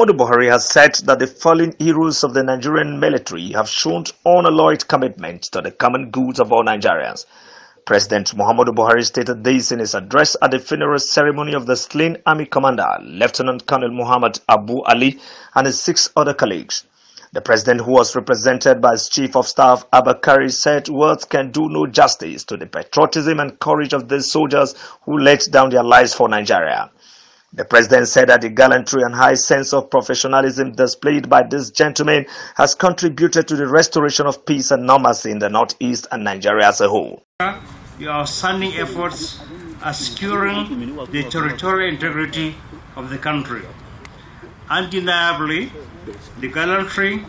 Muhammadu Buhari has said that the fallen heroes of the Nigerian military have shown unalloyed commitment to the common good of all Nigerians. President Muhammadu Buhari stated this in his address at the funeral ceremony of the slain army commander, Lieutenant Colonel Muhammad Abu Ali, and his six other colleagues. The president, who was represented by his chief of staff, Abakari, said words can do no justice to the patriotism and courage of these soldiers who laid down their lives for Nigeria. The president said that the gallantry and high sense of professionalism displayed by this gentleman has contributed to the restoration of peace and normalcy in the northeast and Nigeria as a whole. Your outstanding efforts are securing the territorial integrity of the country. Undeniably, the gallantry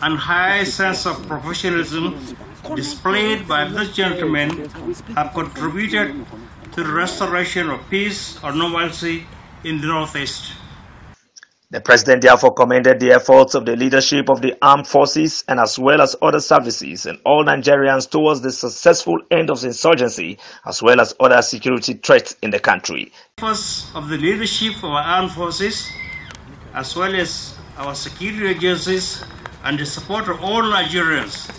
and high sense of professionalism displayed by this gentleman have contributed to the restoration of peace or normalcy in the Northeast. The president therefore commended the efforts of the leadership of the armed forces and as well as other services and all Nigerians towards the successful end of the insurgency as well as other security threats in the country. Efforts of the leadership of our armed forces as well as our security agencies and the support of all Nigerians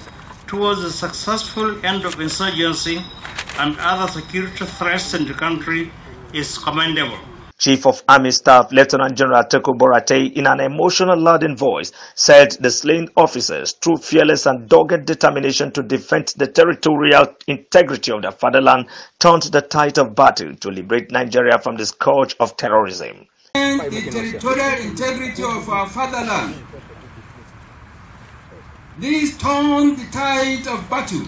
towards the successful end of insurgency and other security threats in the country is commendable. Chief of Army Staff Lieutenant General Teko Borate, in an emotional laden voice, said the slain officers, through fearless and dogged determination to defend the territorial integrity of their fatherland, turned the tide of battle to liberate Nigeria from the scourge of terrorism. the territorial integrity of our fatherland. This turned the tide of battle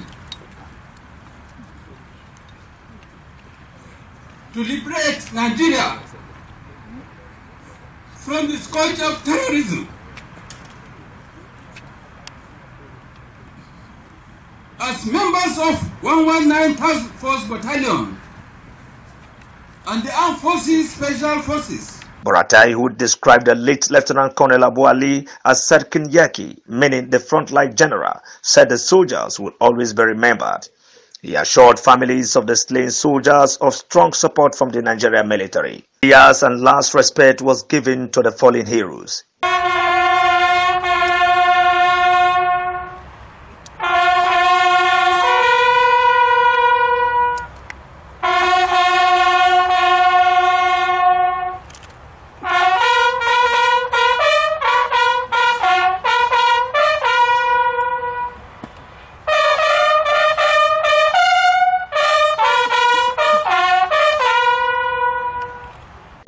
to liberate Nigeria from the scourge of terrorism. As members of 119th Force Battalion and the Armed Forces Special Forces. Boratai, who described the late Lieutenant Colonel Abu Ali as Serkin Yaki, meaning the frontline general, said the soldiers will always be remembered he assured families of the slain soldiers of strong support from the Nigerian military. Prayers and last respect was given to the fallen heroes.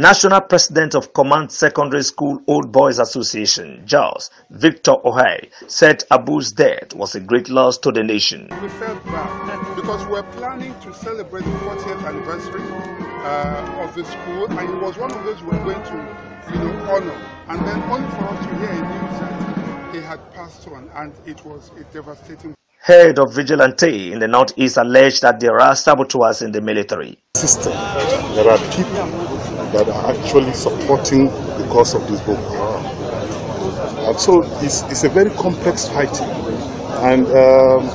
National President of Command Secondary School Old Boys Association, JAWS, Victor Ohai, said Abu's death was a great loss to the nation. We felt bad because we were planning to celebrate the 40th anniversary uh, of the school and it was one of those we were going to you know, honor. And then only for us to hear a news that he had passed on and it was a devastating head of vigilante in the northeast alleged that there are saboteurs in the military. System. There are people that are actually supporting the cause of this book And so it's, it's a very complex fight. And um,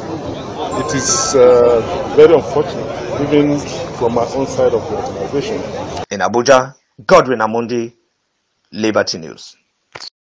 it is uh, very unfortunate, even from my own side of the organization. In Abuja, Godwin Amundi, Liberty News.